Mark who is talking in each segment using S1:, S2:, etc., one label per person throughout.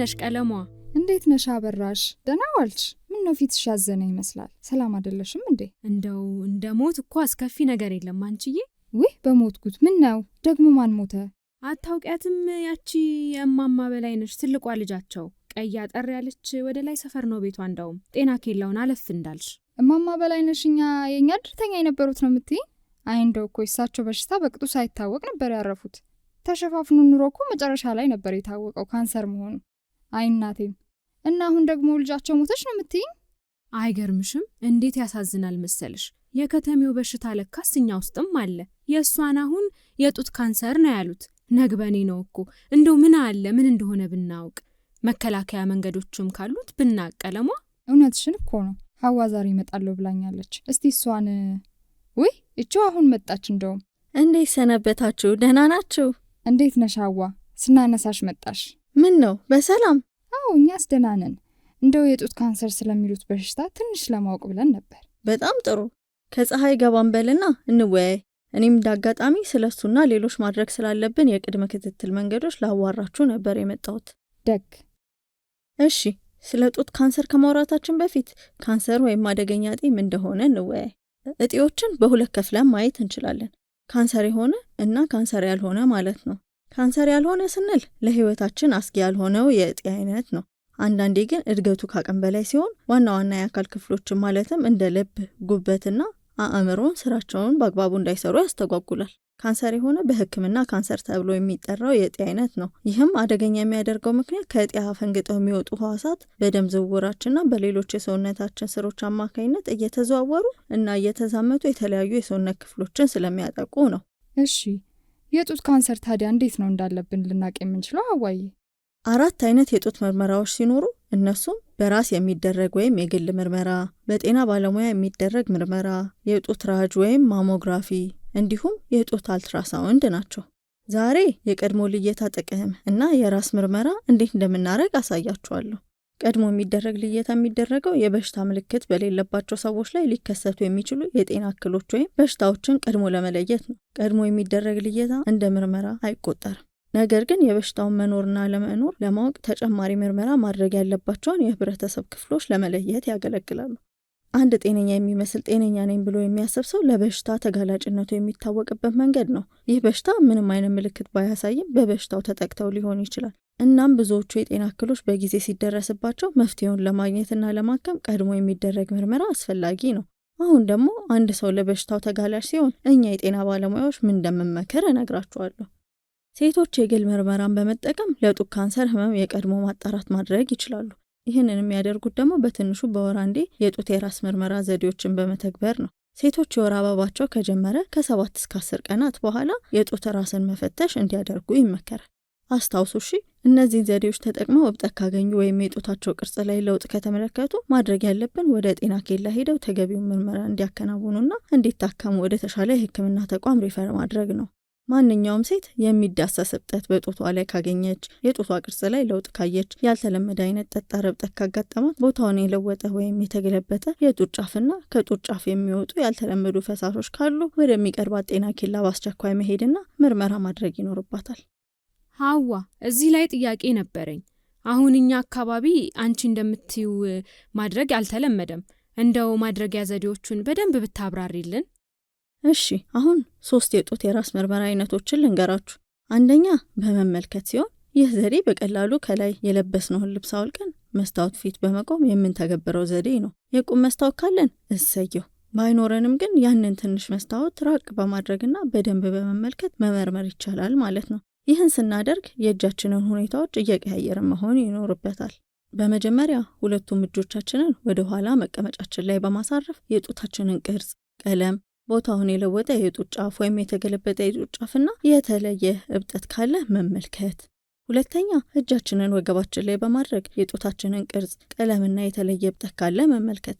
S1: ነሽ ቀለሟ?
S2: እንዴት ነሽ አበራሽ? ደህና ዋልሽ? ምነው ፊትሽ ያዘነ ይመስላል? ሰላም አይደለሽም እንዴ?
S1: እንደው እንደ ሞት እኮ አስከፊ ነገር የለም አንቺዬ።
S2: ውህ በሞት ምን ነው ደግሞ ማን ሞተ?
S1: አታውቂያትም? ያቺ የእማማ በላይ ነች፣ ትልቋ ልጃቸው። ቀይ አጠር ያለች ወደ ላይ ሰፈር ነው ቤቷ። እንደውም ጤና ኬላውን አለፍ እንዳልሽ
S2: እማማ በላይ ነሽ እኛ የእኛ ድርተኛ የነበሩት ነው የምትይ? አይ እንደው እኮ እሳቸው በሽታ በቅጡ ሳይታወቅ ነበር ያረፉት። ተሸፋፍኑ ኑሮ እኮ መጨረሻ ላይ ነበር የታወቀው ካንሰር መሆኑ። አይ እናቴም እና አሁን ደግሞ ልጃቸው ሞተች ነው የምትይኝ?
S1: አይገርምሽም? እንዴት ያሳዝናል መሰልሽ። የከተሜው በሽታ ለካስ እኛ ውስጥም አለ። የእሷን አሁን የጡት ካንሰር ነው ያሉት። ነግበኔ ነው እኮ እንደው ምን አለ ምን እንደሆነ ብናውቅ፣ መከላከያ መንገዶችም ካሉት ብናቀለሟ።
S2: እውነትሽን እኮ ነው። ሀዋ ዛሬ ይመጣለሁ ብላኛለች። እስቲ እሷን ውይ፣ እችው አሁን መጣች። እንደውም
S1: እንዴት ሰነበታችሁ? ደህና ናችሁ?
S2: እንዴት ነሽ ሀዋ? ስናነሳሽ መጣሽ።
S1: ምን ነው በሰላም?
S2: አዎ እኛስ ደህና ነን። እንደው የጡት ካንሰር ስለሚሉት በሽታ ትንሽ ለማወቅ ብለን ነበር።
S1: በጣም ጥሩ። ከፀሐይ ገባን በልና እንወያይ። እኔም እንዳጋጣሚ ስለ እሱና ሌሎች ማድረግ ስላለብን የቅድመ ክትትል መንገዶች ላዋራችሁ ነበር የመጣሁት። ደግ። እሺ፣ ስለ ጡት ካንሰር ከማውራታችን በፊት ካንሰር ወይም አደገኛ እጢ እንደሆነ እንወያይ። እጢዎችን በሁለት ከፍለን ማየት እንችላለን፣ ካንሰር የሆነ እና ካንሰር ያልሆነ ማለት ነው። ካንሰር ያልሆነ ስንል ለህይወታችን አስጊ ያልሆነው የእጢ አይነት ነው። አንዳንዴ ግን እድገቱ ከአቅም በላይ ሲሆን ዋና ዋና የአካል ክፍሎችን ማለትም እንደ ልብ፣ ጉበትና አእምሮን ስራቸውን በአግባቡ እንዳይሰሩ ያስተጓጉላል። ካንሰር የሆነ በህክምና ካንሰር ተብሎ የሚጠራው የእጢ አይነት ነው። ይህም አደገኛ የሚያደርገው ምክንያት ከእጢ አፈንግጠው የሚወጡ ህዋሳት በደም ዝውውራችንና በሌሎች የሰውነታችን ስሮች አማካኝነት እየተዘዋወሩ እና እየተዛመቱ የተለያዩ የሰውነት ክፍሎችን ስለሚያጠቁ ነው።
S2: እሺ የጡት ካንሰር ታዲያ እንዴት ነው እንዳለብን ልናቅ የምንችለው? አዋይ
S1: አራት አይነት የጡት ምርመራዎች ሲኖሩ እነሱም በራስ የሚደረግ ወይም የግል ምርመራ፣ በጤና ባለሙያ የሚደረግ ምርመራ፣ የጡት ራጅ ወይም ማሞግራፊ እንዲሁም የጡት አልትራሳውንድ ናቸው። ዛሬ የቀድሞ ልየታ ጥቅም እና የራስ ምርመራ እንዴት እንደምናደርግ አሳያችኋለሁ። ቀድሞ የሚደረግ ልየታ የሚደረገው የበሽታ ምልክት በሌለባቸው ሰዎች ላይ ሊከሰቱ የሚችሉ የጤና እክሎች ወይም በሽታዎችን ቀድሞ ለመለየት ነው። ቀድሞ የሚደረግ ልየታ እንደ ምርመራ አይቆጠርም። ነገር ግን የበሽታውን መኖርና ለመኖር ለማወቅ ተጨማሪ ምርመራ ማድረግ ያለባቸውን የህብረተሰብ ክፍሎች ለመለየት ያገለግላሉ። አንድ ጤነኛ የሚመስል ጤነኛ ነኝ ብሎ የሚያስብ ሰው ለበሽታ ተጋላጭነቱ የሚታወቅበት መንገድ ነው። ይህ በሽታ ምንም አይነት ምልክት ባያሳይም በበሽታው ተጠቅተው ሊሆን ይችላል። እናም ብዙዎቹ የጤና እክሎች በጊዜ ሲደረስባቸው መፍትሄውን ለማግኘትና ለማከም ቀድሞ የሚደረግ ምርመራ አስፈላጊ ነው። አሁን ደግሞ አንድ ሰው ለበሽታው ተጋላሽ ሲሆን እኛ የጤና ባለሙያዎች ምን እንደምንመክር እነግራችኋለሁ። ሴቶች የግል ምርመራን በመጠቀም ለጡት ካንሰር ህመም የቀድሞ ማጣራት ማድረግ ይችላሉ። ይህንን የሚያደርጉት ደግሞ በትንሹ በወር አንዴ የጡት የራስ ምርመራ ዘዴዎችን በመተግበር ነው። ሴቶች የወር አበባቸው ከጀመረ ከሰባት እስከ አስር ቀናት በኋላ የጡት ራስን መፈተሽ እንዲያደርጉ ይመከራል። አስታውሱ እሺ። እነዚህን ዘዴዎች ተጠቅመው እብጠት ካገኙ ወይም የጡታቸው ቅርጽ ላይ ለውጥ ከተመለከቱ ማድረግ ያለብን ወደ ጤና ኬላ ሄደው ተገቢውን ምርመራ እንዲያከናውኑና እንዲታከሙ ወደ ተሻለ የሕክምና ተቋም ሪፈር ማድረግ ነው። ማንኛውም ሴት የሚዳሰስ እብጠት በጡቷ ላይ ካገኘች፣ የጡቷ ቅርጽ ላይ ለውጥ ካየች፣ ያልተለመደ አይነት ጠጣር እብጠት ካጋጠማት፣ ቦታውን የለወጠ ወይም የተገለበጠ የጡት ጫፍና ከጡት ጫፍ የሚወጡ ያልተለመዱ ፈሳሾች ካሉ ወደሚቀርባት ጤና ኬላ በአስቸኳይ መሄድና ምርመራ ማድረግ ይኖርባታል። ሀዋ እዚህ ላይ ጥያቄ ነበረኝ። አሁን እኛ አካባቢ አንቺ እንደምትይው ማድረግ አልተለመደም። እንደው ማድረጊያ ዘዴዎቹን በደንብ ብታብራሪልን። እሺ፣ አሁን ሶስት የጡት የራስ ምርመራ አይነቶችን ልንገራችሁ። አንደኛ በመመልከት ሲሆን ይህ ዘዴ በቀላሉ ከላይ የለበስነውን ልብስ አውልቀን መስታወት ፊት በመቆም የምንተገብረው ዘዴ ነው። የቁም መስታወት ካለን እሰየው፣ ባይኖረንም ግን ያንን ትንሽ መስታወት ራቅ በማድረግና በደንብ በመመልከት መመርመር ይቻላል ማለት ነው። ይህን ስናደርግ የእጃችንን ሁኔታዎች እየቀያየርን መሆን ይኖርበታል። በመጀመሪያ ሁለቱም እጆቻችንን ወደ ኋላ መቀመጫችን ላይ በማሳረፍ የጡታችንን ቅርጽ፣ ቀለም፣ ቦታውን የለወጠ የጡት ጫፍ ወይም የተገለበጠ የጡት ጫፍና የተለየ እብጠት ካለ መመልከት። ሁለተኛ እጃችንን ወገባችን ላይ በማድረግ የጡታችንን ቅርጽ፣ ቀለምና የተለየ እብጠት ካለ መመልከት።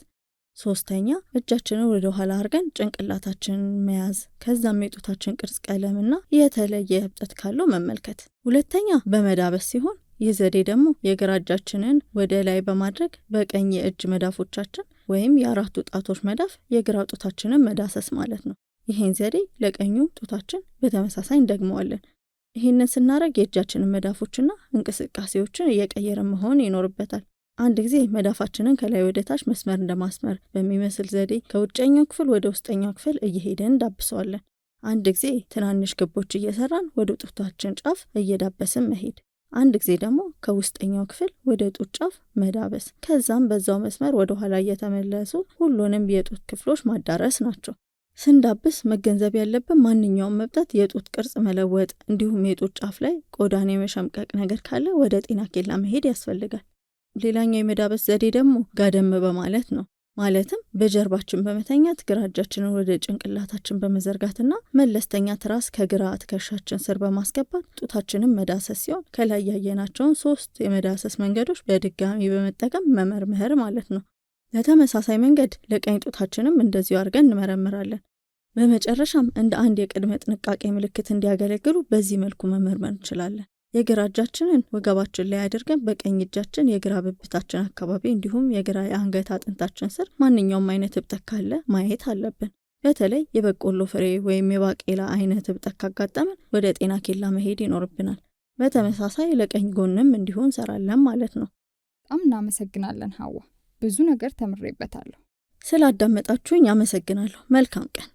S1: ሶስተኛ እጃችንን ወደ ኋላ አድርገን ጭንቅላታችንን መያዝ፣ ከዛም የጡታችን ቅርጽ ቀለምና የተለየ እብጠት ካለው መመልከት። ሁለተኛ በመዳበስ ሲሆን ይህ ዘዴ ደግሞ የግራ እጃችንን ወደ ላይ በማድረግ በቀኝ የእጅ መዳፎቻችን ወይም የአራቱ ጣቶች መዳፍ የግራ ጡታችንን መዳሰስ ማለት ነው። ይህን ዘዴ ለቀኙ ጡታችን በተመሳሳይ እንደግመዋለን። ይህንን ስናደርግ የእጃችንን መዳፎችና እንቅስቃሴዎችን እየቀየረ መሆን ይኖርበታል። አንድ ጊዜ መዳፋችንን ከላይ ወደ ታች መስመር እንደማስመር በሚመስል ዘዴ ከውጨኛው ክፍል ወደ ውስጠኛው ክፍል እየሄደን እንዳብሰዋለን። አንድ ጊዜ ትናንሽ ክቦች እየሰራን ወደ ጡታችን ጫፍ እየዳበስን መሄድ፣ አንድ ጊዜ ደግሞ ከውስጠኛው ክፍል ወደ ጡት ጫፍ መዳበስ፣ ከዛም በዛው መስመር ወደ ኋላ እየተመለሱ ሁሉንም የጡት ክፍሎች ማዳረስ ናቸው። ስንዳብስ መገንዘብ ያለብን ማንኛውም መብጠት፣ የጡት ቅርጽ መለወጥ፣ እንዲሁም የጡት ጫፍ ላይ ቆዳን የመሸምቀቅ ነገር ካለ ወደ ጤና ኬላ መሄድ ያስፈልጋል። ሌላኛው የመዳበስ ዘዴ ደግሞ ጋደም በማለት ነው። ማለትም በጀርባችን በመተኛት ግራ እጃችንን ወደ ጭንቅላታችን በመዘርጋትና መለስተኛ ትራስ ከግራ ትከሻችን ስር በማስገባት ጡታችንን መዳሰስ ሲሆን ከላይ ያየናቸውን ሶስት የመዳሰስ መንገዶች በድጋሚ በመጠቀም መመርመር ማለት ነው። ለተመሳሳይ መንገድ ለቀኝ ጡታችንም እንደዚሁ አድርገን እንመረምራለን። በመጨረሻም እንደ አንድ የቅድመ ጥንቃቄ ምልክት እንዲያገለግሉ በዚህ መልኩ መመርመር እንችላለን። የግራ እጃችንን ወገባችን ላይ አድርገን በቀኝ እጃችን የግራ ብብታችን አካባቢ እንዲሁም የግራ የአንገት አጥንታችን ስር ማንኛውም አይነት እብጠት ካለ ማየት አለብን። በተለይ የበቆሎ ፍሬ ወይም የባቄላ አይነት እብጠት ካጋጠመን ወደ ጤና ኬላ መሄድ ይኖርብናል። በተመሳሳይ ለቀኝ ጎንም እንዲሁ እንሰራለን ማለት ነው።
S2: በጣም እናመሰግናለን ሀዋ፣ ብዙ ነገር ተምሬበታለሁ።
S1: ስላዳመጣችሁኝ አመሰግናለሁ። መልካም ቀን።